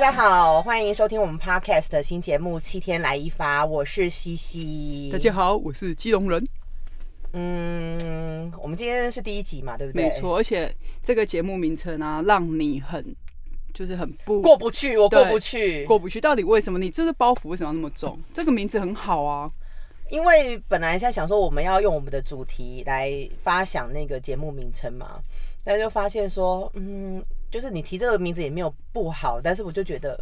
大家好，歡迎收聽我們 podcast 的新節目《七天來一發》，我是西西。大家好，我是基隆人。嗯，我們今天是第一集嘛，對不對？沒錯，而且這個節目名稱啊，讓你很就是很不過不去，我過不去，過不去，到底為什麼？你這個包袱為什麼那麼重？這個名字很好啊，因為本來在想說我們要用我們的主題來發想那個節目名稱嘛，大家就發現說，嗯。就是你提這個名字也沒有不好，但是我就覺得，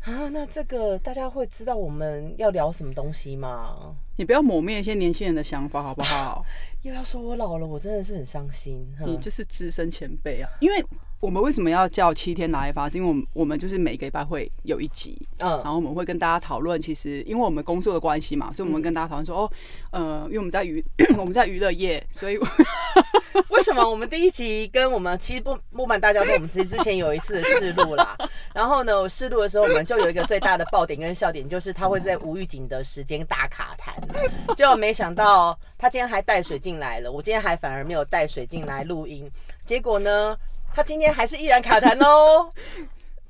啊，那這個大家會知道我們要聊什麼東西嗎？你不要抹滅一些年輕人的想法好不好？啊，又要說我老了，我真的是很傷心，啊。你就是資深前輩啊，因為。我們為什麼要叫七天來一發？是因為，我們我們就是每個禮拜會有一集，嗯，然後我們會跟大家討論。其實，因為我們工作的關係嘛，所以我們跟大家討論說、嗯，哦，呃，因為我們在娛我們在娛樂業，所以為什麼我們第一集跟我們其實不不瞞大家說，我們其實之前有一次試錄啦。 然後呢，我試錄的時候我們就有一個最大的爆點跟笑點，就是他會在無預警的時間大卡痰。就沒想到他今天還帶水進來了，我今天還反而沒有帶水進來錄音，結果呢？他今天還是依然卡痰哦，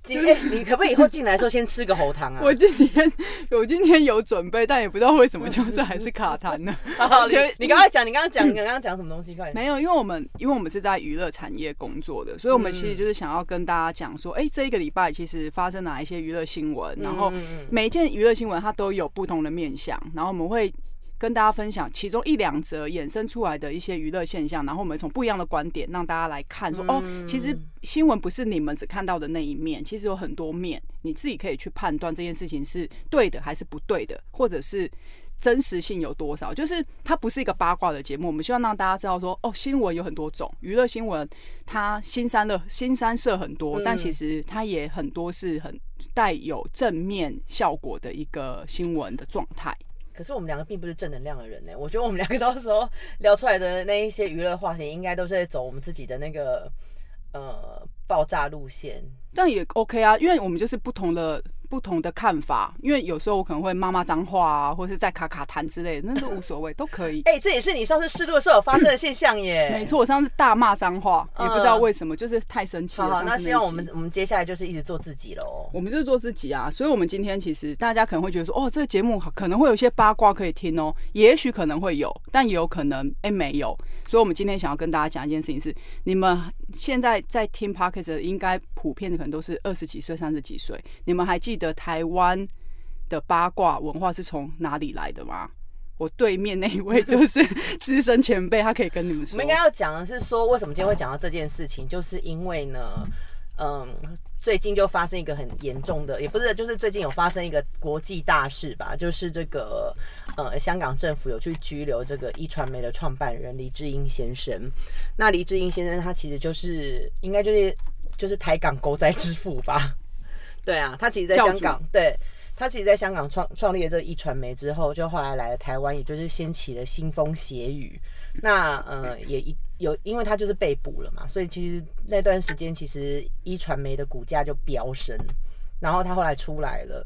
天、欸、你可不可以以後進來的時候先吃個喉糖啊？ 我今天有今天有準備，但也不知道為什麼就是還是卡痰呢。 你你剛才講，你剛剛講，你剛剛講什麼東西？快沒有，因為我們因為我們是在娛樂產業工作的，所以我們其實就是想要跟大家講說，哎、欸，這一個禮拜其實發生哪一些娛樂新聞，然後每一件娛樂新聞它都有不同的面向，然後我們會。跟大家分享其中一兩則衍生出來的一些娛樂現象，然後我們從不一樣的觀點讓大家來看說，說哦，其實新聞不是你們只看到的那一面，其實有很多面，你自己可以去判斷這件事情是對的還是不對的，或者是真實性有多少。就是它不是一個八卦的節目，我們希望讓大家知道說哦，新聞有很多種，娛樂新聞它腥羶的腥羶色很多，但其實它也很多是很帶有正面效果的一個新聞的狀態。可是我們兩個並不是正能量的人呢、欸，我覺得我們兩個到時候聊出來的那一些娛樂話題，應該都是在走我們自己的那個呃爆炸路線。但也 OK 啊，因為我們就是不同的。不同的看法，因為有時候我可能會罵罵髒話啊，或者是在卡卡談之類的，那都無所謂，都可以。哎、 欸，這也是你上次試錄的時候有發生的現象耶。 沒錯，我上次大罵髒話、嗯，也不知道為什麼，就是太生氣了。好，好那，那希望我們我們接下來就是一直做自己嘍。我們就是做自己啊，所以，我們今天其實大家可能會覺得說，哦，這個節目可能會有一些八卦可以聽哦，也許可能會有，但也有可能哎、欸、沒有。所以，我們今天想要跟大家講一件事情是，你們。現在在聽 Podcast 的應該普遍的可能都是二十幾歲、三十幾歲。你們還記得台灣的八卦文化是從哪裡來的嗎？我對面那一位就是資深前輩，他可以跟你們說。 我們應該要講的是說，為什麼今天會講到這件事情，就是因為呢。嗯，最近就發生一個很嚴重的，也不是，就是最近有發生一個國際大事吧，就是這個，呃、嗯，香港政府有去拘留這個壹傳媒的創辦人黎智英先生。那黎智英先生他其實就是應該就是就是台港狗仔之父吧？ 對啊，他其實，在香港，對他其實，在香港創創立了這個壹傳媒之後，就後來來了台灣，也就是掀起了腥風血雨。那呃也一有，因為他就是被捕了嘛，所以其實那段時間其實一傳媒的股價就飆升，然後他後來出來了。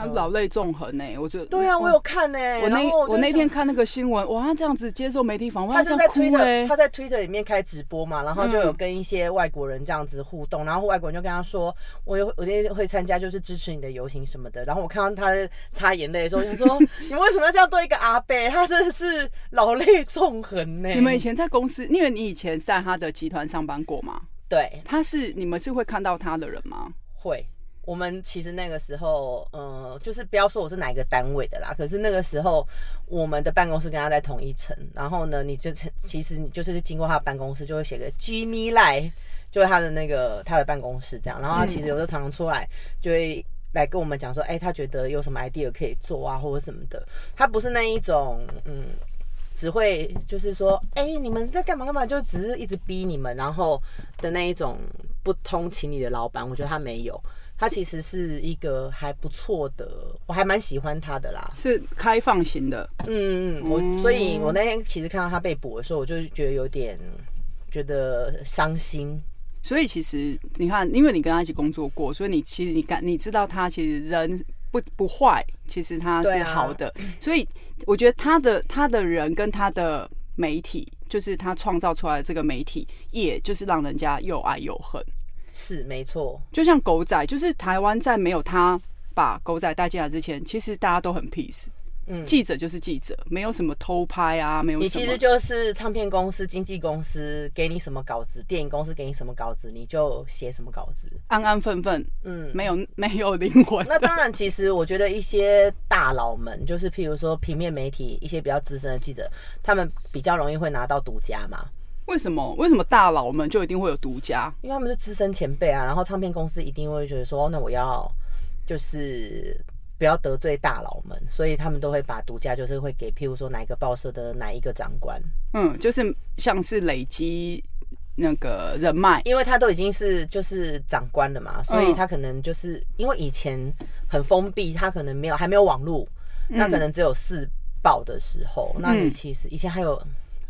他老淚縱橫呢，我覺得。對啊，我有看呢、欸。然後，我那我那天看那個新聞，哇，他這樣子接受媒體訪問，他就在推特，他在推特裡面開直播嘛，然後就有跟一些外國人這樣子互動，嗯、然後外國人就跟他說，我有我那天會參加，就是支持你的遊行什麼的。然後我看到他擦眼淚的時候， 我說，你們為什麼要這樣對一個阿伯？他真的是老淚縱橫呢。你們以前在公司，因為你以前在他的集團上班過嗎？對，他是你們是會看到他的人嗎？會。我們其實那個時候，呃，就是不要說我是哪一個單位的啦，可是那個時候我們的辦公室跟他在同一層，然後呢，你就其實你就是經過他的辦公室就會寫個 Jimmy Lai，就是他的那個他的辦公室這樣，然後他其實有時候常常出來就會來跟我們講說，哎，他覺得有什麼 idea 可以做啊，或者什麼的，他不是那一種，嗯，只會就是說，哎，你們在幹嘛幹嘛，就只是一直逼你們，然後的那一種不通情理的老板，我覺得他沒有。他其實是一個還不錯的，我還蠻喜歡他的啦。是開放型的，嗯嗯，我所以，我那天其實看到他被捕的時候，我就覺得有點覺得傷心。所以其實你看，因為你跟他一起工作過，所以你其實你感你知道他其實人不不壞，其實他是好的。啊，所以我覺得他的他的人跟他的媒體，就是他創造出來的這個媒體，也就是讓人家又愛又恨。是沒錯，就像狗仔，就是台灣在沒有他把狗仔帶進來之前，其實大家都很 peace，嗯，記者就是記者，沒有什麼偷拍啊，沒有什麼。你其實就是唱片公司、經紀公司給你什麼稿子，電影公司給你什麼稿子，你就寫什麼稿子，安安分分，嗯，沒有沒有靈魂。那當然，其實我覺得一些大佬們， 就是譬如說平面媒體一些比較資深的記者，他們比較容易會拿到獨家嘛。為什麼？為什麼大佬們就一定會有獨家？因為他們是資深前輩啊，然後唱片公司一定會覺得說，那我要就是不要得罪大佬們，所以他們都會把獨家就是會給，譬如說哪一個報社的哪一個長官，嗯，就是像是累積那個人脈，因為他都已經是就是長官了嘛，所以他可能就是、嗯、因為以前很封閉，他可能沒有還沒有網路、嗯，那可能只有四報的時候，嗯、那你其實以前還有。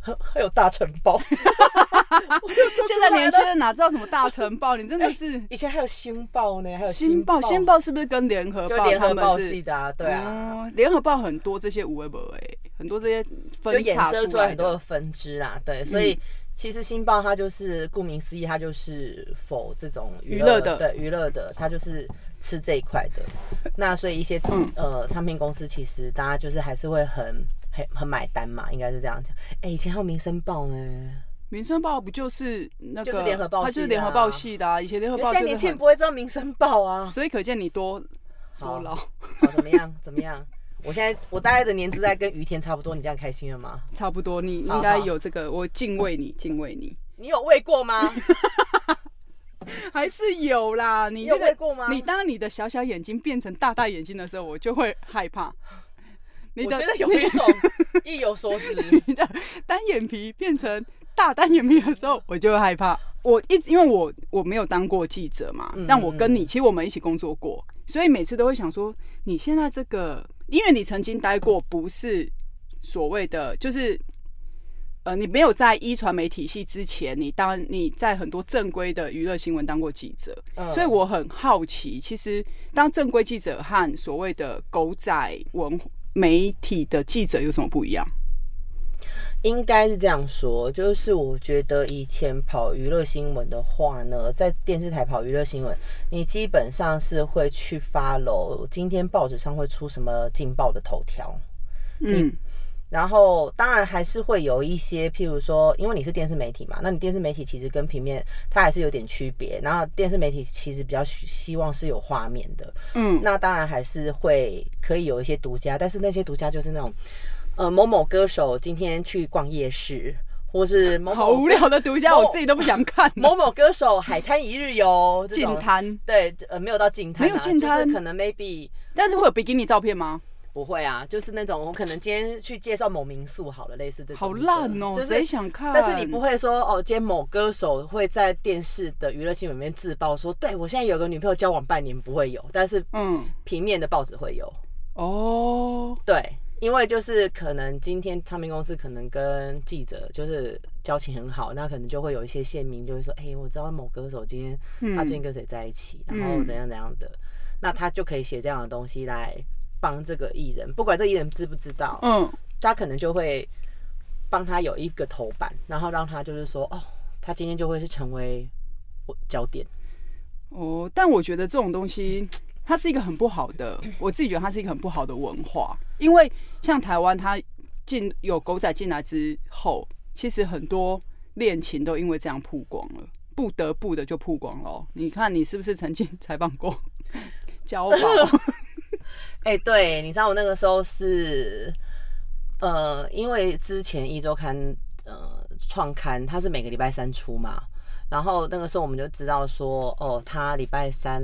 還有大成報 現在年輕人哪知道什麼大成報？你真的是。以前還有星報呢，還有星報。星報是不是跟聯合報他們是聯合報系的啊？對啊，聯合報很多這些 w e 不哎，很多這些分衍生出來很多的分支啦。對，所以其實星報它就是顧名思義，它就是否這種娛樂的，對娛樂的，它就是吃這一塊的。那所以一些呃唱片公司其實大家就是還是會很。很很買單嘛，應該是這樣講。哎、欸，以前還有民生報呢，《民生報不就是那個，還、就是聯合報系的，它就是聯合報系的啊。以前聯合報，現在年輕人不會知道民生報啊。所以可見你多好多老好，怎麼樣？ 怎麼樣？我現在我大概的年資在跟余天差不多，你這樣開心了嗎？差不多，你應該有這個，我敬畏你，好好敬畏你。你有餵過嗎？ 還是有啦。你，這個、你有餵過嗎？你當你的小小眼睛變成大大眼睛的時候，我就會害怕。我覺得有一種意有所指，你的單眼皮變成大單眼皮的時候，我就會害怕。我一因為我我沒有當過記者嘛，但我跟你其實我們一起工作過，所以每次都會想說，你現在這個，因為你曾經待過，不是所謂的就是呃，你沒有在一傳媒體系之前，你當你在很多正規的娛樂新聞當過記者，所以我很好奇，其實當正規記者和所謂的狗仔文化，媒體的記者有什麼不一樣？應該是這樣說，就是我覺得以前跑娛樂新聞的話呢，在電視台跑娛樂新聞，你基本上是會去 follow，今天報紙上會出什麼勁爆的頭條，嗯。然後當然還是會有一些，譬如說，因為你是電視媒體嘛，那你電視媒體其實跟平面它還是有點區別。然後電視媒體其實比較希望是有畫面的，嗯，那當然還是會可以有一些獨家，但是那些獨家就是那種，呃，某某,某歌手今天去逛夜市，或是某某,某好無聊的獨家，我自己都不想看。某某歌手海灘一日遊，淨 灘，對，呃，沒有到淨灘、啊，沒有淨灘，就是、可能 maybe，但是會有比基尼照片嗎？不會啊，就是那種我可能今天去介紹某民宿好了，類似這種。好爛哦、就是！誰想看？但是你不會說哦，今天某歌手會在電視的娛樂新聞裡面自曝說，對我現在有個女朋友，交往半年不會有，但是嗯，平面的報紙會有哦、嗯。對，因為就是可能今天唱片公司可能跟記者就是交情很好，那可能就會有一些線民就會說，哎，我知道某歌手今天他最近跟誰在一起、嗯，然後怎樣怎樣的、嗯，那他就可以寫這樣的東西來。幫這個藝人，不管這個藝人知不知道，嗯，他可能就會幫他有一個頭版，然後讓他就是說，哦，他今天就會是成為我焦點。哦，但我覺得這種東西，它是一個很不好的，我自己覺得它是一個很不好的文化，因為像台灣，它進有狗仔進來之後，其實很多戀情都因為這樣曝光了，不得不的就曝光了。你看，你是不是曾經採訪過交寶？教 哎、欸，對，你知道我那個時候是，呃，因為之前一週刊，呃，創刊，他是每個禮拜三出嘛，然後那個時候我們就知道說，哦，他禮拜三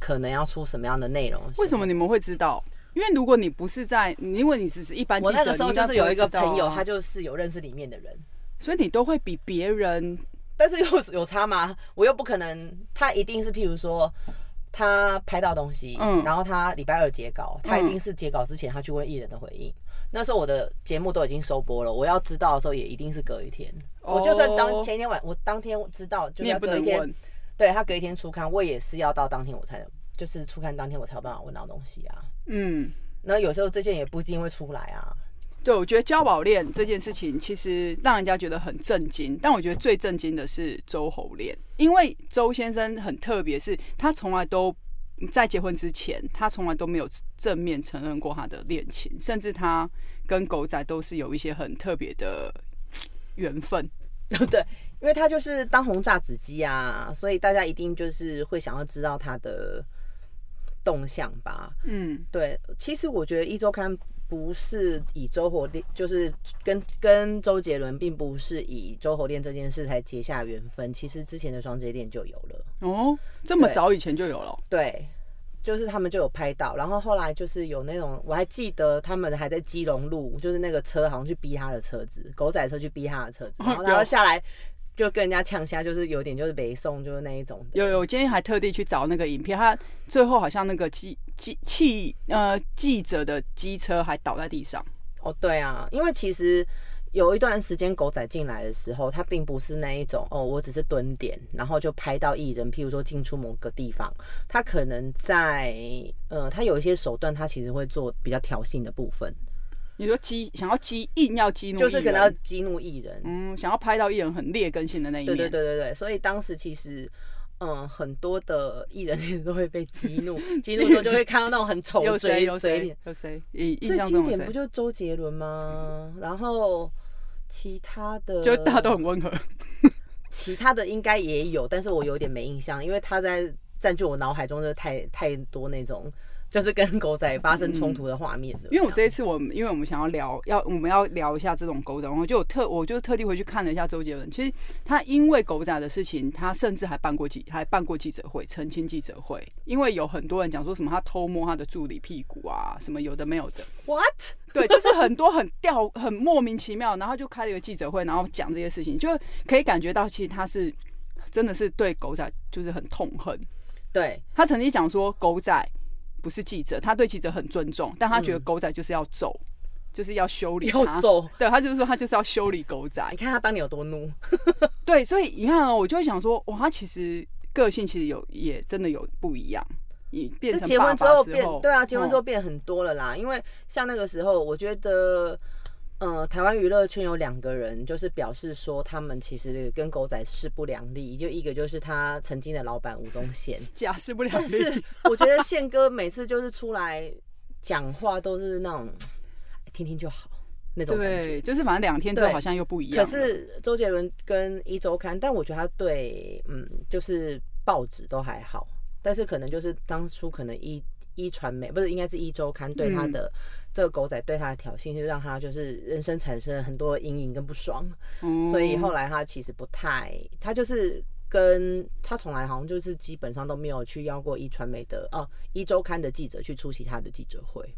可能要出什麼樣的內容。為什麼你們會知道？因為如果你不是在，因為你只是一般記者，我那個時候就是有一個朋友，他就是有認識裡面的人，所以你都會比別人，但是有有差嗎？我又不可能，他一定是譬如說。他拍到東西，嗯，然後他禮拜二截稿，他一定是截稿之前他去問藝人的回應，嗯。那時候我的節目都已經收播了，我要知道的時候也一定是隔一天。哦，我就算當前一天晚，我當天知道就要隔一天，就你也不能問。對，他隔一天出刊，我也是要到當天我才，就是出刊當天我才有辦法問到東西啊。嗯，那有時候這件也不一定會出來啊。對，我覺得交保戀這件事情其實讓人家覺得很震驚，但我覺得最震驚的是周侯戀，因為周先生很特別，是他從來都在結婚之前，他從來都沒有正面承認過他的戀情，甚至他跟狗仔都是有一些很特別的緣分，對不對？因為他就是當紅炸子雞啊，所以大家一定就是會想要知道他的動向吧？嗯，對，其實我覺得一周刊。不是以周火戀，就是跟跟周杰倫，並不是以周火戀這件事才結下緣分。其實之前的雙節戀就有了哦，這麼早以前就有了對。對，就是他們就有拍到，然後後來就是有那種，我還記得他們還在基隆路，就是那個車好像去逼他的車子，狗仔車去逼他的車子，然後他就下來。哦就跟人家嗆蝦，就是有點，就是北宋，就是那一種。有有，我今天還特地去找那個影片，他最後好像那個記記記呃記者的機車還倒在地上。哦，對啊，因為其實有一段時間狗仔進來的時候，他並不是那一種哦，我只是蹲點，然後就拍到藝人，譬如說進出某個地方，他可能在呃，他有一些手段，他其實會做比較挑釁的部分。你說激想要激硬要激怒，就是可能要激怒藝人。嗯，想要拍到藝人很劣根性的那一點。對對對對，所以當時其實，嗯，很多的藝人也都會被激怒， 激怒的時候就會看到那種很醜嘴嘴臉。誰有誰有誰？最經典不就是周杰倫嗎？然後其他的就大家都很溫和， 其他的應該也有，但是我有點沒印象，因為他在佔據我腦海中的太太多那種。就是跟狗仔發生衝突的畫面了，嗯，因為我這一次，我們因為我們想要聊，要我們要聊一下這種狗仔，然後就特我就特地回去看了一下周杰倫。其實他因為狗仔的事情，他甚至還辦過記還辦過記者會澄清記者會。因為有很多人講說什麼他偷摸他的助理屁股啊，什麼有的沒有的。What？對，就是很多很掉很莫名其妙，然後就開了一個記者會，然後講這些事情，就可以感覺到其實他是真的是對狗仔就是很痛恨。對，他曾經講說狗仔，不是記者，他對記者很尊重，但他覺得狗仔就是要揍，嗯、就是要修理他。要揍，對，他就是說他就是要修理狗仔。你看他當年有多怒。 對，所以你看哦、喔，我就會想說，哇，他其實個性其實有也真的有不一樣，你變成爸爸。結婚之後變，對啊，結婚之後變很多了啦，嗯、因為像那個時候，我覺得。嗯、呃，台灣娛樂圈有兩個人，就是表示說他們其實跟狗仔勢不兩立，就一個就是他曾經的老板吳宗憲，假勢不兩立。 但是我覺得憲哥每次就是出來講話都是那種聽聽就好那種感覺，對，就是反正兩天之後好像又不一樣。可是周杰倫跟壹週刊，但我覺得他對嗯，就是報紙都還好，但是可能就是當初可能壹壹傳媒不是應該是一周刊對他的。嗯這個狗仔對他的挑釁，就讓他就是人生產生很多陰影跟不爽，嗯、所以後來他其實不太，他就是跟他從來好像就是基本上都沒有去邀過一傳媒的哦，一周刊的記者去出席他的記者會，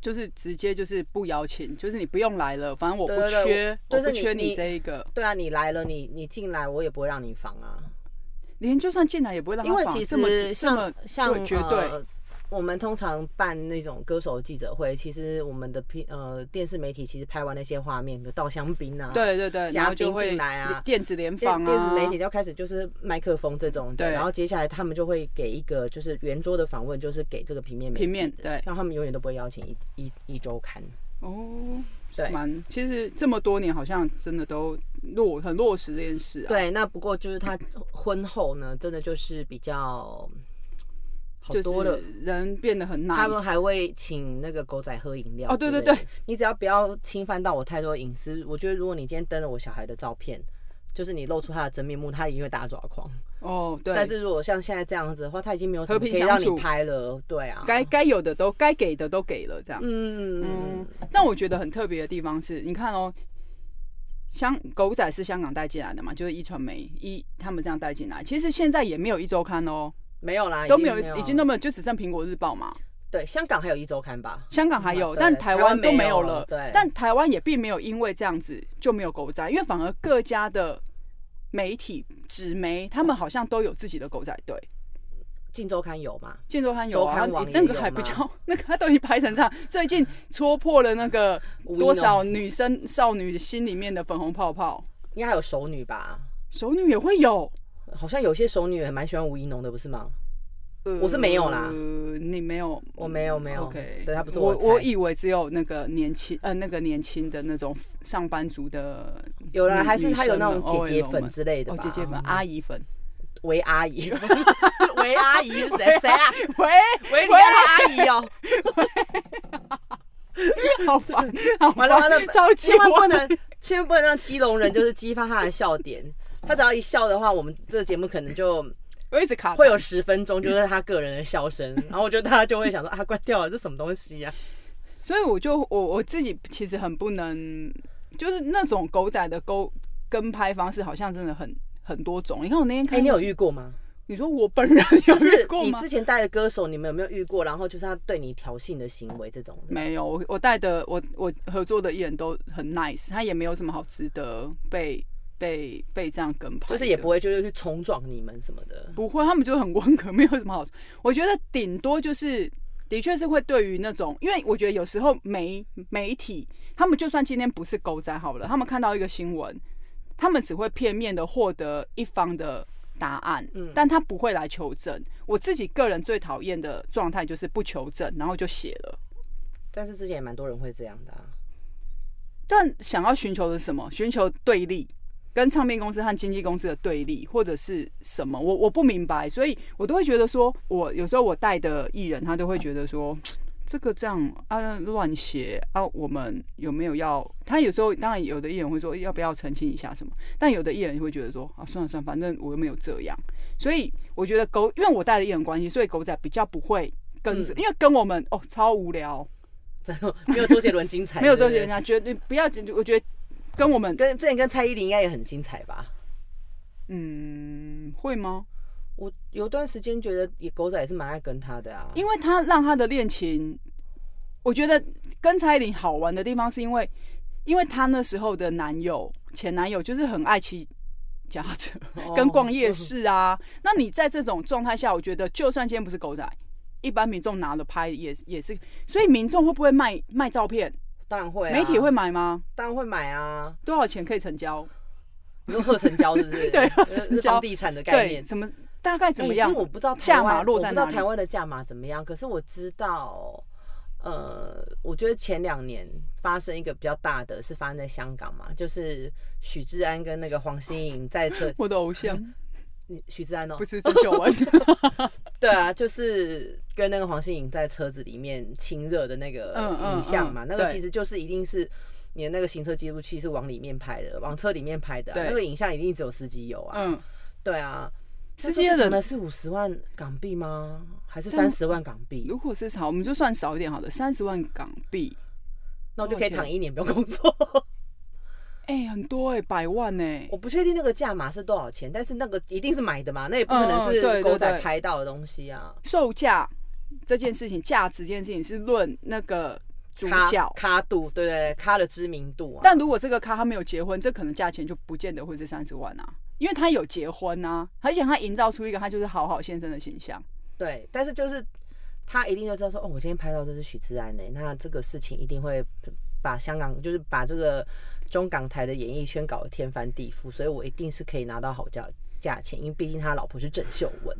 就是直接就是不邀請，就是你不用來了，反正我不缺，的的就是、我不缺你，你，你這一個，對啊，你來了，你你進來我也不會讓你防啊，連就算進來也不會讓你防，因為其實像這麼像，像對絕對。呃我們通常辦那種歌手記者會，其實我們的平呃電視媒體其實拍完那些畫面，比如倒香檳啊，對對對，嘉賓進來啊，電子聯訪啊，電子媒體就要開始就是麥克風這種，對，然後接下來他們就會給一個就是圓桌的訪問，就是給這個平面媒體，平面，對，然後他們永遠都不會邀請一一一週刊。哦，對，蠻，其實這麼多年好像真的都落很落實這件事啊。對，那不過就是他婚後呢，咳咳真的就是比較。多的、就是、人變得很那、nice, 他們還會請那個狗仔喝飲料。哦，對對對，你只要不要侵犯到我太多隱私。我覺得如果你今天登了我小孩的照片，就是你露出他的真面目，他一定會打抓狂。哦，對。但是如果像現在這樣子的話，他已經沒有什麼可以讓你拍了。對啊，該該有的都該給的都給了，這樣。嗯嗯嗯。但我覺得很特別的地方是，你看哦，像狗仔是香港帶進來的嘛，就是壹傳媒一他們這樣帶進來。其實現在也沒有壹週刊哦。沒有啦，已經沒有，都沒有，已經都沒有，就只剩蘋果日報嘛。對，香港還有壹週刊吧，香港還有，但台灣都沒有了。有，對，但台灣也並沒有因為這樣子就沒有狗仔，因為反而各家的媒體、紙媒，他們好像都有自己的狗仔，對。鏡週刊有嗎？有嘛鏡週刊？有啊有，那個還不叫，那個它都已經拍成這樣，最近戳破了那個多少女生、少女心裡面的粉紅泡泡。應該還有熟女吧？熟女也會有。好像有些熟女也蠻喜歡吳怡農的，不是嗎、嗯？我是沒有啦。嗯、你沒有，我、嗯、沒有，沒有。對、okay.，他不是。我我以為只有那個年輕，呃，那個年輕的那種上班族的。有人還是他有那種姐姐粉之類的吧？哦、姐姐粉、嗯，阿姨粉，維阿姨，維 阿姨，誰誰啊？維維維阿姨哦、喔！哈哈哈！好煩，好煩，完了完了，千萬不能，千萬不能讓基隆人就是激發他的笑點。他只要一笑的話，我們這個節目可能就我一直卡會有十分鐘，就是他個人的笑聲。然後我覺得大家就會想說啊，關掉了，這什麼東西啊？ 所以我就我我自己其實很不能，就是那種狗仔的勾跟拍方式，好像真的很很多種。你看我那天，看你有遇過嗎？你說我本人有遇過嗎？欸，你有遇過嗎？就是你之前帶的歌手，你們有沒有遇過？然後就是他對你挑釁的行為，這種是不是？沒有。我我帶的我我合作的藝人都很 nice，他也沒有什麼好值得被。被被這樣跟跑，就是也不會，就是去衝撞你們什麼的，不會。他們就很溫和，沒有什麼好處。我覺得頂多就是，的確是會對於那種，因為我覺得有時候媒媒體，他們就算今天不是狗仔好了，他們看到一個新聞，他們只會片面的獲得一方的答案。嗯，但他不會來求證。我自己個人最討厭的狀態就是不求證，然後就寫了。但是之前也蠻多人會這樣的啊。但想要尋求的是什麼？尋求對立。跟唱片公司和經紀公司的對立，或者是什麼，我我不明白，所以我都會覺得說，我有時候我帶的藝人，他都會覺得說，啊、這個這樣啊亂寫啊，我們有沒有要？他有時候當然有的藝人會說要不要澄清一下什麼，但有的藝人會覺得說啊，算了算了，反正我又沒有這樣，所以我覺得狗，因為我帶的藝人關係，所以狗仔比較不會跟着、嗯，因為跟我們哦超無聊，真 的沒有周杰倫精彩， 沒有周杰倫啊絕對不要緊，我覺得。跟我們跟之前跟蔡依林應該也很精彩吧？嗯，會嗎？我有段時間覺得也狗仔也是蠻愛跟他的啊，因為他讓他的戀情，我覺得跟蔡依林好玩的地方是因為，因為他那時候的男友前男友就是很愛騎腳踏車跟逛夜市啊。哦，那你在這種狀態下，我覺得就算今天不是狗仔，一般民眾拿了拍也是也是，所以民眾會不會賣賣照片？當然會、啊，媒體會買嗎？當然會買啊！多少錢可以成交？如何成交是不是？ 對，交房地產的概念，什麼大概怎麼樣？欸、我不知道台灣，我不知道台灣的價碼怎麼樣。可是我知道，呃，我覺得前兩年發生一個比較大的是發生在香港嘛，就是許志安跟那個黃心穎在車， 我的偶像，嗯許志安哦，不是鄭秀文 對啊，就是。跟那個黃心穎在車子裡面親熱的那個影像嘛、嗯嗯嗯，那個其實就是一定是你的那個行車記錄器是往裡面拍的，嗯、往車裡面拍的、啊、那個影像一定只有司機有啊。嗯，對啊。司機的是五十萬港幣嗎？還是三十萬港幣？如果是少，我們就算少一點好了，三十萬港幣，那我就可以躺一年不用工作。哎、 欸，很多哎、欸，百萬哎、欸！我不確定那個價碼是多少錢，但是那個一定是買的嘛，那也不可能是狗仔拍到的東西啊。嗯嗯、對對對對售價。這件事情價值，這件事情是論那個主角咖度，對對，對，咖的知名度、啊。但如果這個咖他沒有結婚，這可能價錢就不見得會是三十萬啊，因為他有結婚吶、啊，而且他營造出一個他就是好好先生的形象。對，但是就是他一定要知道說，哦，我今天拍到這是許志安的、欸、那這個事情一定會把香港就是把這個中港台的演藝圈搞得天翻地覆，所以我一定是可以拿到好價價錢，因為畢竟他老婆是鄭秀文。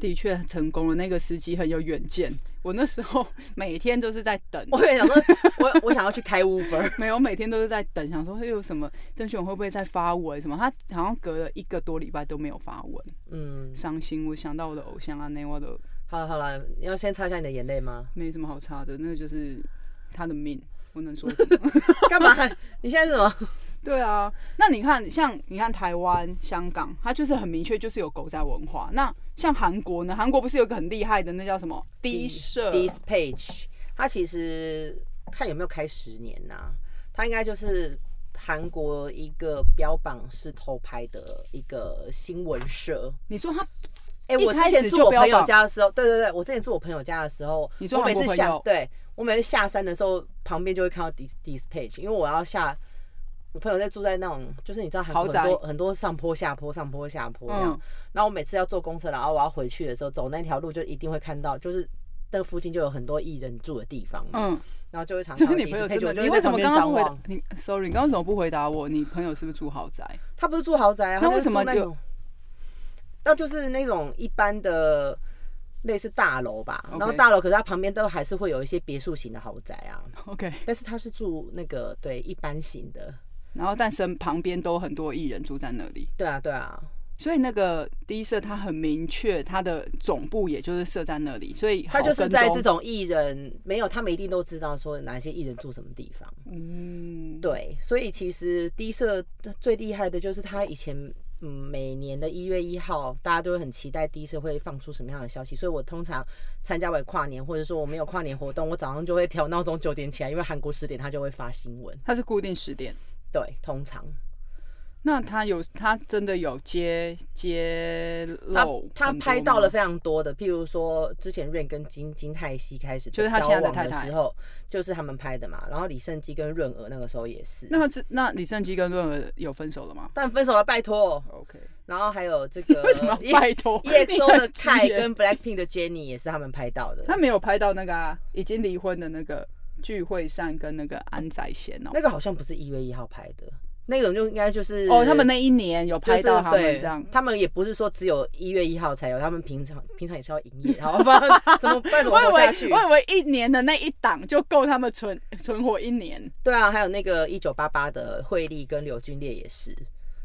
的確成功了，那個司機很有遠見。我那時候每天都是在等，我也想說， 我我想要去開 Uber， 沒有，我每天都是在等，想說哎，呦、欸、什麼鄭學文會不會在發文？什麼？他好像隔了一個多禮拜都沒有發文，嗯，傷心。我想到我的偶像啊，奈瓦的。好了好了，你要先擦一下你的眼淚嗎？沒什麼好擦的，那就是他的命，我能說什麼？幹 嘛？你現在怎麼？對啊，那你看，像你看台灣、香港，它就是很明確，就是有狗仔文化。那像韓國呢？韓國不是有個很厲害的，那叫什麼？D 社，Dispage。Dispage，它其實看有沒有開十年吶、啊？它應該就是韓國一個標榜是頭牌的一個新聞社。你說它？哎，我之前住我朋友家的時候，對對對，我之前住我朋友家的時候。你，說對對對我，我，候你說我每次下，對我每次下山的時候，旁邊就會看到 Dispage，因為我要下。我朋友在住在那種，就是你知道很多很多，很多上坡下坡上坡下坡這樣，嗯。然後我每次要坐公車，然後我要回去的時候，走那條路就一定會看到，就是那附近就有很多藝人住的地方。嗯，然後就會常常。你朋友是不是你為什麼剛剛不回答？你，sorry，你剛剛怎麼不回答我？你朋友是不是住豪宅？他不是住豪宅啊，他那種那為什麼就？那就是那種一般的類似大樓吧。Okay. 然後大樓可是他旁邊都還是會有一些別墅型的豪宅啊。OK，但是他是住那個對一般型的。然後，但是旁邊都很多藝人住在那裡。對啊，對啊。所以那個 D 社他很明確，他的總部也就是設在那裡，所以他就是在這種藝人沒有，他們一定都知道說哪些藝人住什麼地方。嗯，對。所以其實 D 社最厲害的就是他以前，嗯，每年的一月一號，大家都會很期待 D 社會放出什麼樣的消息。所以我通常參加完跨年，或者說我沒有跨年活動，我早上就會調鬧鐘九點起來，因為韓國十點他就會發新聞。他是固定十點。對，通常。那他有，他真的有接接漏，他拍到了非常多的、多譬如說之前 Rain 跟金金泰熙開始就是他交往的時候，就是的太太，就是他們拍的嘛。然後李勝基跟潤娥那個時候也是。那他是那李勝基跟潤娥有分手了嗎？但分手了，拜託。OK。然後還有這個 什麼要拜託 e x 的菜跟 Blackpink 的 j e n n y 也是他們拍到的。他沒有拍到那個、啊、已經離婚的那個。聚會上跟那個安宰賢哦，那個好像不是一月一號拍的，那個就應該就是哦，他們那一年有拍到他們這樣，就是、他們也不是說只有一月一號才有，他們平常平常也是要營業， 好吧？怎麼辦？怎麼活下去 我以為，我以為一年的那一檔就夠他們存存活一年。對啊，還有那個一九八八的惠利跟劉俊烈也是，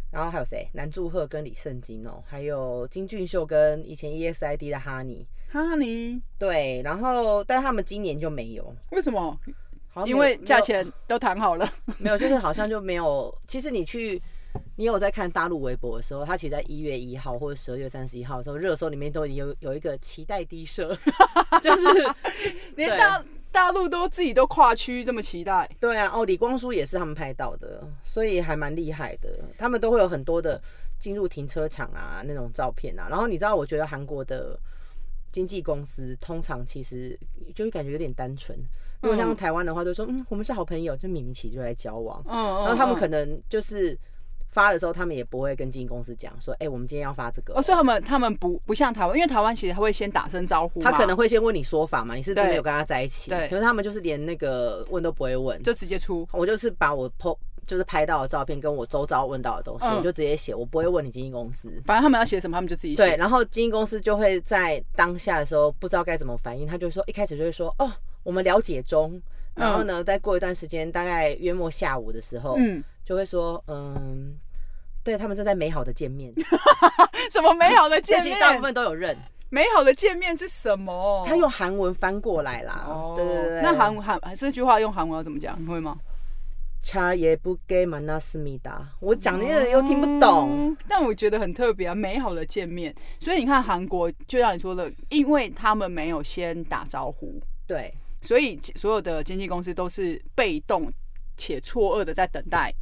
然後還有誰？南柱赫跟李聖經哦，還有金俊秀跟以前 ESID 的哈尼。哈尼對，然後但他們今年就沒有，為什麼？因為價錢都談好了，沒有， 就是好像就沒有。其實你去，你有在看大陸微博的時候，他其實在一月一號或者十二月三十一號的時候，熱搜裡面都已經有有一個期待低設， 就是連大大陸都自己都跨區這麼期待。對啊，哦，李光洙也是他們拍到的，所以還蠻厲害的。他們都會有很多的進入停車場啊那種照片啊，然後你知道，我覺得韓國的。經紀公司通常其實就會感覺有點單純、嗯。如果像台灣的話，就說嗯，我們是好朋友，就明明其就來交往、嗯。然後他們可能就是發的時候，他們也不會跟經紀公司講說，哎、欸，我們今天要發這個哦。哦，所以他們他們不不像台灣，因為台灣其實他會先打聲招呼，他可能會先問你說法嘛，你是不是，對，沒有跟他在一起。可是他們就是連那個問都不會問，就直接出。我就是把我 p 就是拍到的照片跟我周遭問到的東西，嗯、我就直接寫，我不會問你經紀公司。反正他們要寫什麼，他們就自己寫。對，然後經紀公司就會在當下的時候不知道該怎麼反應，他就會說一開始就會說哦，我們了解中。然後呢，再、嗯、過一段時間，大概約莫下午的時候，嗯、就會說嗯，對他們正在美好的見面。 什麼美好的見面？ 其實大部分都有認。美好的見面是什麼？他用韓文翻過來啦。哦、對，對對對。那韓韓是這句話用韓文要怎麼講？你會嗎？也不給曼娜斯密達，我講的那些人又聽不懂、嗯。但我覺得很特別啊，美好的見面。所以你看韓國，就像你說的，因為他們沒有先打招呼，對，所以所有的經紀公司都是被動且錯愕的在等待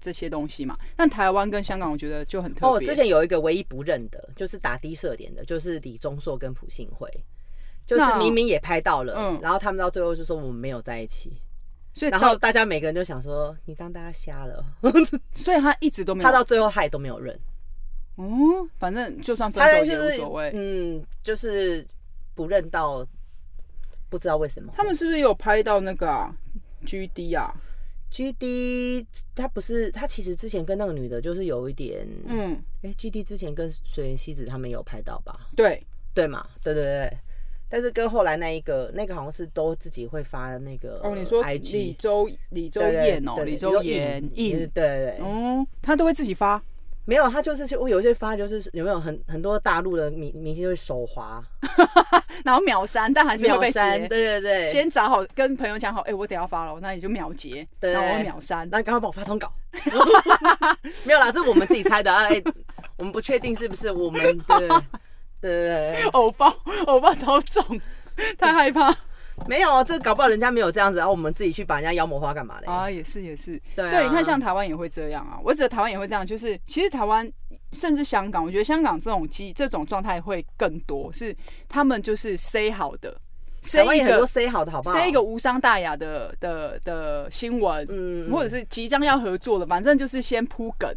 這些東西嘛。但台灣跟香港，我覺得就很特別、哦。之前有一個唯一不認的，就是打低射點的，就是李鍾碩跟朴信惠，就是明明也拍到了、嗯，然後他們到最後就說我們沒有在一起。所以，然後大家每個人就想說，你當大家瞎了。所以他一直都沒有，他到最後他也都沒有認、嗯。哦，反正就算分手也無所謂、就是。嗯，就是不認到，不知道為什麼。他們是不是有拍到那個 GD 啊，GD、啊、他不是他，其實之前跟那個女的就是有一點，嗯、欸，哎，GD 之前跟水原希子他們有拍到吧？對，對嘛，對對對，對。但是跟後來那一個，那個好像是都自己會發的那個 IG，哦，你說李周李周燕哦，李周燕印、喔，對對對，in, in, 對，對、嗯，他都會自己發，沒有他就是我有一些發就是有沒有很很多大陸的明明星會手滑， 然後秒刪，但還是被秒刪，對對對，先找好跟朋友講好，哎、欸，我等下發了，那你就秒結對，對，對然後我秒刪，那趕快幫我發通稿， 沒有啦，這我們自己猜的，哎、欸， 我們不確定是不是我們的。 對對對，偶包偶包超重，太害怕。 沒有啊，這搞不好人家沒有這樣子，然後我們自己去把人家妖魔化幹嘛咧啊，也是也是，對、啊，你看像台灣也會這樣啊。我覺得台灣也會這樣，就是其實台灣甚至香港，我覺得香港這種機這種狀態會更多，是他們就是塞好的，台灣也很多塞好的，好不好？塞一個無傷大雅的的的，的新聞，嗯，或者是即將要合作的，反正就是先鋪梗。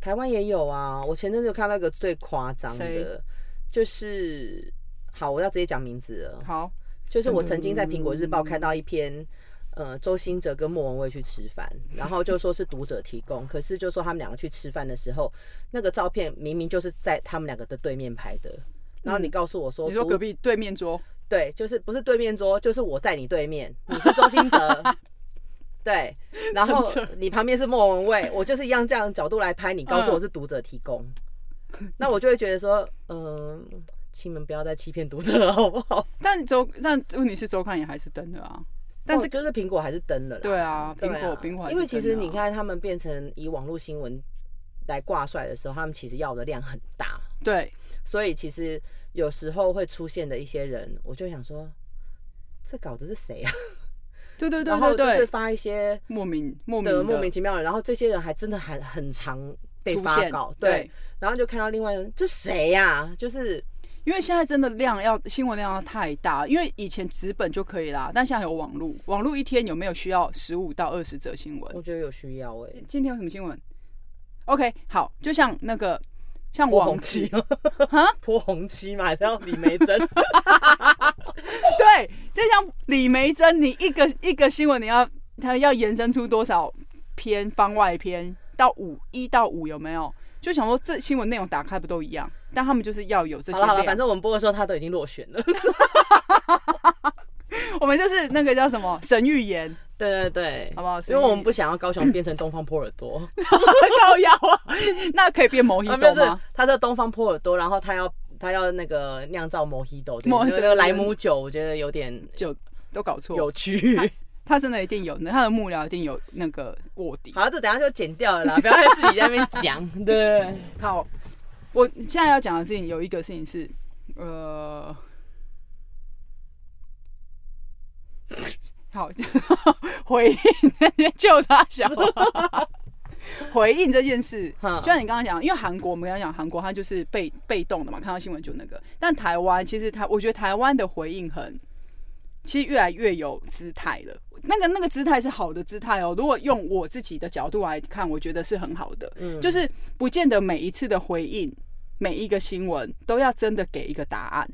台灣也有啊，我前陣子有看那個最誇張的。就是好，我要直接講名字了。好，就是我曾經在《蘋果日報》看到一篇，呃，周興哲跟莫文蔚去吃飯，然後就說是讀者提供， 可是就說他們兩個去吃飯的時候，那個照片明明就是在他們兩個的對面拍的。然後你告訴我說、嗯，你說隔壁對面桌，對，就是不是對面桌，就是我在你對面，你是周興哲， 對，然後你旁邊是莫文蔚，我就是一樣這樣角度來拍，你告訴我是讀者提供。嗯 那我就會覺得說，嗯、呃，親們不要再欺騙讀者了，好不好？但周那問題是，周刊也還是登了啊。但這、哦就是個是蘋果還是登了啦。對啊，蘋、啊、果、蘋果還是登了、啊，因為其實你看他們變成以網絡新聞來掛帥的時候，他們其實要的量很大。對，所以其實有時候會出現的一些人，我就想說，這稿子是誰啊？對對對，對對對，對對就是發一些莫名、莫名的、莫名其妙的，然後這些人還真的還很常被發稿，現對，對，然後就看到另外一人，這誰呀、啊？就是因為現在真的量要新聞量要太大，因為以前紙本就可以啦，但現在有網路，網路一天有沒有需要十五到二十則新聞？我覺得有需要誒、欸。今天有什麼新聞？OK，好，就像那個像網紅期嗎，哈破紅期嘛，還是要李梅珍。 對，就像李梅珍，你一個一個新聞，你要他要延伸出多少篇番外篇？到五一到五有沒有？就想說這新聞內容打開不都一樣？但他們就是要有這些。好了好了，反正我們播的時候他都已經落選了。 我們就是那個叫什麼神預言？對，對對對，好不好？因為我們不想要高雄變成東方波爾多就 要啊， 那可以變某一多嗎？他是，是東方波爾多，然後他要。他要那個釀造 Mojito，因、嗯、為那個萊姆酒，我覺得有點就都搞錯，有趣。他真的一定有，他的幕僚一定有那個臥底。好，這等一下就剪掉了啦，不要再自己在那邊講。 對，好，我現在要講的事情有一個事情是，呃， 好，回應那些舊渣小。 回應這件事，就像你剛剛講，因為韓國，我們剛剛講韓國，它就是被被動的嘛，看到新聞就那個。但台灣其實，它我覺得台灣的回應很，其實越來越有姿態了。那個那個姿態是好的姿態哦，喔。如果用我自己的角度來看，我覺得是很好的。嗯，就是不見得每一次的回應，每一個新聞都要真的給一個答案。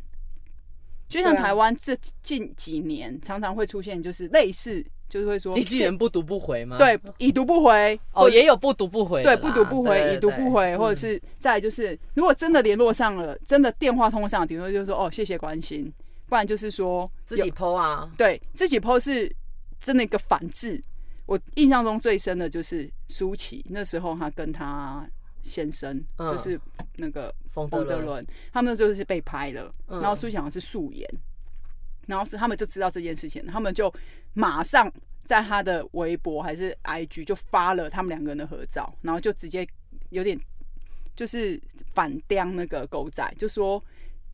就像台灣這近幾年，啊，常常會出現，就是類似。就是會說，經紀人不讀不回嗎？對，已讀不回。哦，也有不讀不回。對，不讀不回對對對對，已讀不回，或者是、嗯、再就是，如果真的聯絡上了，真的電話通上了，頂多就是說哦，謝謝關心，不然就是說自己 po 啊。對，自己 po 是真的一個反制。我印象中最深的就是舒淇，那時候她跟她先生、嗯、就是那個馮德倫，他們就是被拍了，嗯、然後舒淇好像是素顏，然後是他們就知道這件事情，他們就。馬上在他的微博還是 IG 就發了他們兩個人的合照，然後就直接有點就是反刁那個狗仔，就說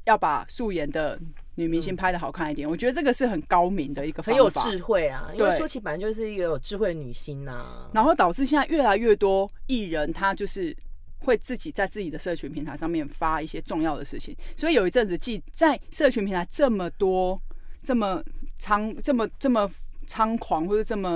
要把素顏的女明星拍得好看一點、嗯。我覺得這個是很高明的一個方法，很有智慧啊。對。因為舒淇本來就是一個有智慧的女星吶、啊。然後導致現在越來越多藝人，他就是會自己在自己的社群平台上面發一些重要的事情。所以有一陣子，記在社群平台這麼多、這麼長、這麼這麼。猖狂，或者這麼、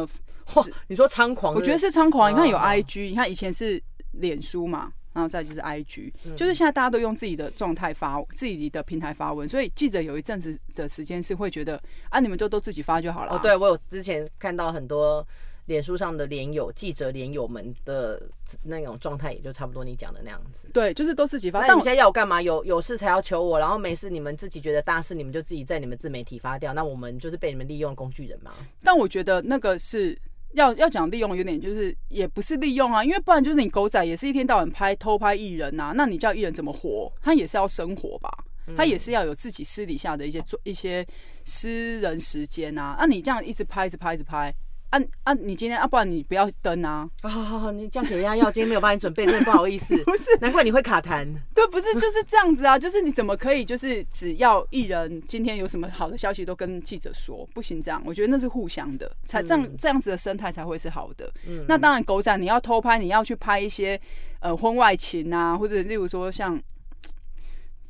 哦，你說猖狂是是，我覺得是猖狂。你看有 I G，哦哦、你看以前是臉書嘛，然後再就是 I G，嗯、就是現在大家都用自己的狀態發自己的平台發文，所以記者有一陣子的時間是會覺得啊，你們都都自己發就好了。哦，對，我有之前看到很多。臉書上的臉友、記者臉友們的那種狀態，也就差不多你講的那樣子。對，就是都自己發。但你們現在要我幹嘛？有有事才要求我，然後沒事你們自己覺得大事，你們就自己在你們自媒體發掉。那我們就是被你們利用工具人嗎？但我覺得那個是要要講利用，有點就是也不是利用啊，因為不然就是你狗仔也是一天到晚拍偷拍藝人呐、啊，那你叫藝人怎麼活？他也是要生活吧、嗯，他也是要有自己私底下的一些做一些私人時間啊那、啊、你這樣一直拍，一直拍，一直拍。一直拍一直拍啊啊！啊你今天啊，不然你不要登啊！啊，好，好，好，你降血壓藥今天沒有幫你準備，那 不好意思。不是，難怪你會卡痰。對，不是，就是這樣子啊，就是你怎麼可以，就是只要藝人今天有什麼好的消息都跟記者說，不行這樣，我覺得那是互相的，才這樣、嗯、這樣子的生態才會是好的。嗯，那當然，狗仔你要偷拍，你要去拍一些呃婚外情啊，或者例如說像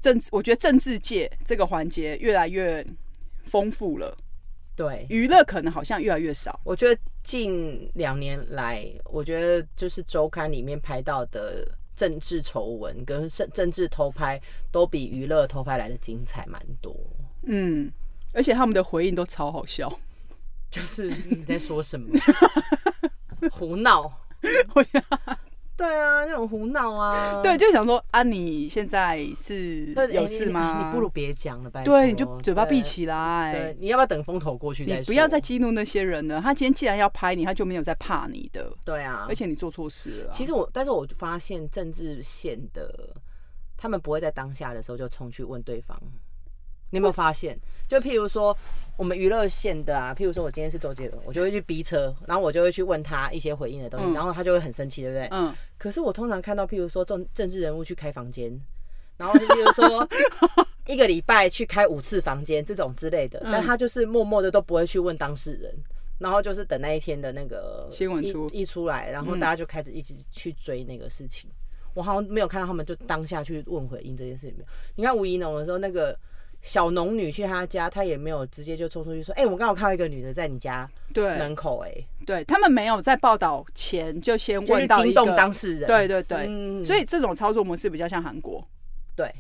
政治，我覺得政治界這個環節越來越豐富了。對，娛樂可能好像越來越少。我覺得近兩年來，我覺得就是周刊裡面拍到的政治醜聞跟政治偷拍，都比娛樂偷拍來的精彩蠻多。嗯，而且他們的回應都超好笑，就是你在說什麼？ 胡鬧鬧！ 對啊，那種胡鬧啊！對，就想說啊，你現在是有事嗎？欸、你，你，你不如別講了，拜託。對，你就嘴巴閉起來對。對，你要不要等風頭過去再說？你不要再激怒那些人了。他今天既然要拍你，他就沒有再怕你的。對啊，而且你做錯事了啊。其實我，但是我發現政治線的，他們不會在當下的時候就衝去問對方。你有沒有發現，就譬如說我們娛樂線的啊，譬如說我今天是周杰倫，我就會去逼車，然後我就會去問他一些回應的東西，嗯、然後他就會很生氣，對不對？嗯。可是我通常看到，譬如說政政治人物去開房間，然後就譬如說一個禮拜去開五次房間這種之類的，嗯，但他就是默默的都不會去問當事人，然後就是等那一天的那個新聞出一出來，然後大家就開始一直去追那個事情，嗯。我好像沒有看到他們就當下去問回應這件事情。沒有，你看吳怡農的時候，那個。小農女去他家，他也沒有直接就衝出去說：“哎、欸，我剛好看到一個女的在你家對門口。”哎，對他們沒有在報道前就先問到驚、就是、驚動當事人。對對對、嗯，所以這種操作模式比較像韓國。對，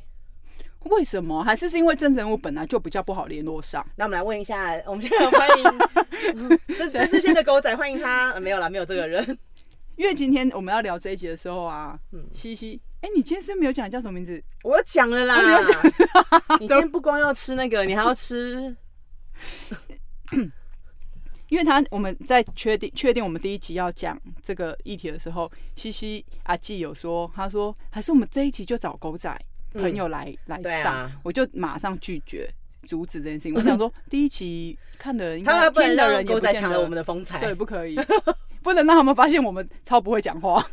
為什麼？還是是因為政治人物本來就比較不好聯絡上？那我們來問一下，我們現在歡迎這這些的狗仔，歡迎他。啊、沒有了，沒有這個人， 因為今天我們要聊這一集的時候啊，嗯、嘻嘻。哎、欸，你今天是沒有講叫什麼名字？我講了啦講。你今天不光要吃那個，你還要吃， 因為他我們在確定確定我們第一集要講這個議題的時候，西西阿紀有說，他說還是我們這一集就找狗仔朋友來、嗯、來上、啊，我就馬上拒絕阻止這件事情。我想說第一集看的人，應該的人，他不能讓狗仔搶了我們的風采，對，不可以，不能讓他們發現我們超不會講話。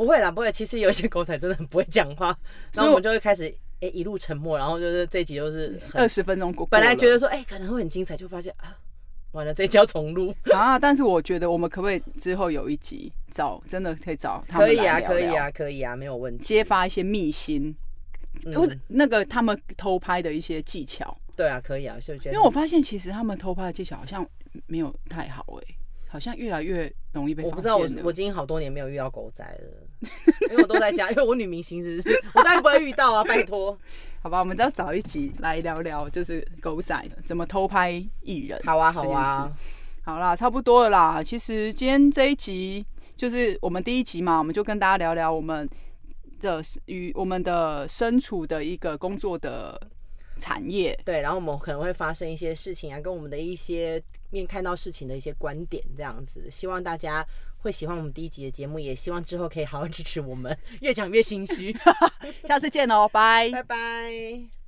不會啦，不會。其實有一些狗仔真的不會講話，然後我們就會開始哎、欸、一路沉默，然後就是這一集就是二十分鐘。本來覺得說哎、欸、可能會很精彩，就發現啊完了這一集要重錄啊。但是我覺得我們可不可以之後有一集找真的可以找他們來聊聊？可以啊，可以啊，可以啊，沒有問題。揭發一些秘辛，嗯、那個他們偷拍的一些技巧。對啊，可以啊，就覺得，因為我發現其實他們偷拍的技巧好像沒有太好哎、欸，好像越來越。容易被發現了。我不知道我，我我已經好多年沒有遇到狗仔了， 因為我都在家，因為我女明星是不是？我當然不會遇到啊，拜託。 好吧，我們再找一集來聊聊，就是狗仔怎麼偷拍藝人。好啊，好啊。好啦，差不多了啦。其實今天這一集就是我們第一集嘛，我們就跟大家聊聊我們的與我們的身處的一個工作的。產業對，然後我們可能會發生一些事情啊，跟我們的一些面看到事情的一些觀點這樣子，希望大家會喜歡我們第一集的節目，也希望之後可以好好支持我們，越講越心虛， 下次見哦，拜拜拜。